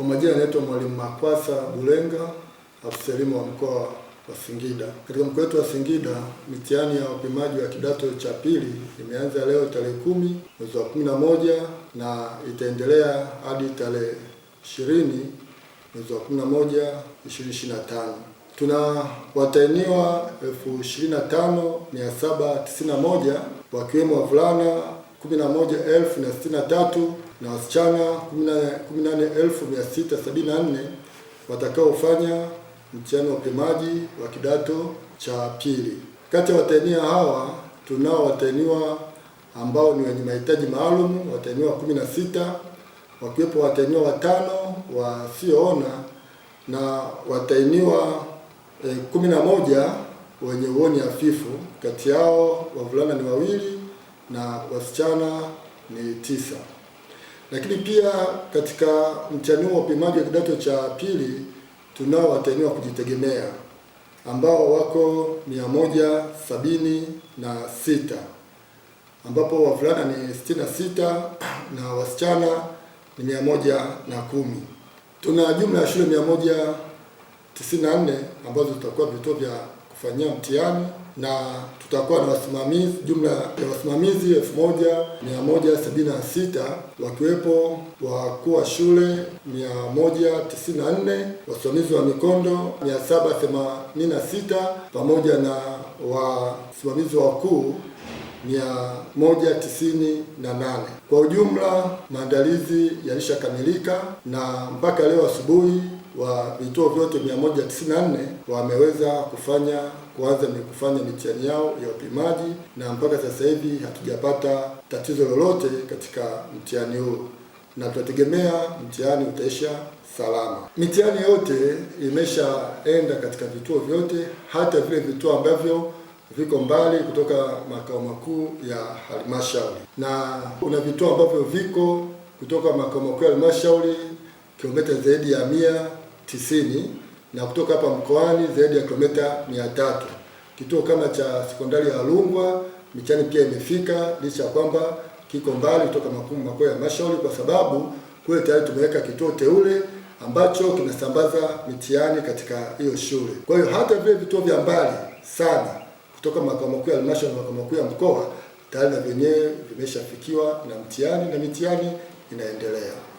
Kwa majina anaitwa Mwalimu Makwasa Bulenga, afisa elimu wa mkoa wa Singida. Katika mkoa wetu wa Singida, mitihani ya upimaji wa kidato cha pili imeanza leo tarehe kumi mwezi wa kumi na moja na itaendelea hadi tarehe ishirini mwezi wa kumi na moja ishirini ishirini na tano. Tuna watainiwa elfu ishirini na tano mia saba tisini na moja wakiwemo wavulana 11163 na wasichana 18674 watakaofanya mtihani wa upimaji wa kidato cha pili. Kati ya watahiniwa hawa tunao watahiniwa ambao ni wenye mahitaji maalum watahiniwa 16 wakiwepo watahiniwa watano wasioona na watahiniwa eh, 11 wenye uoni hafifu. Kati yao wavulana ni wawili na wasichana ni tisa. Lakini pia katika mtihani wa upimaji wa kidato cha pili tunao watahiniwa wa kujitegemea ambao wako mia moja sabini na sita ambapo wavulana ni sitini na sita na wasichana ni mia moja na kumi. Tuna jumla ya shule mia moja tisini na nne ambazo zitakuwa vituo vya kufanyia mtihani na tutakuwa na wasimamizi jumla ya wasimamizi elfu moja mia moja sabini na sita wakiwepo wakuu wa shule mia moja tisini na nne wasimamizi wa mikondo mia saba themanini na sita pamoja na wasimamizi wakuu 198. Kwa ujumla maandalizi yalishakamilika na mpaka leo asubuhi wa vituo vyote 194 wameweza kufanya kuanza kufanya mitihani yao ya upimaji na mpaka sasa hivi hatujapata tatizo lolote katika mtihani huu na tunategemea mtihani utaisha salama. Mitihani yote imeshaenda katika vituo vyote, hata vile vituo ambavyo viko mbali kutoka makao makuu ya halmashauri, na kuna vituo ambavyo viko kutoka makao makuu ya halmashauri kilomita zaidi ya mia tisini na kutoka hapa mkoani zaidi ya kilomita mia tatu. Kituo kama cha sekondari ya Rungwa Michani pia imefika licha ya kwamba kiko mbali kutoka makao makuu ya halmashauri, kwa sababu kule tayari tumeweka kituo teule ambacho kinasambaza mitihani katika hiyo shule. Kwa hiyo hata vile vituo vya mbali sana kutoka makao makuu ya halmashauri na makao makuu ya mkoa tayari na vyenyewe vimeshafikiwa na mtihani na mitihani inaendelea.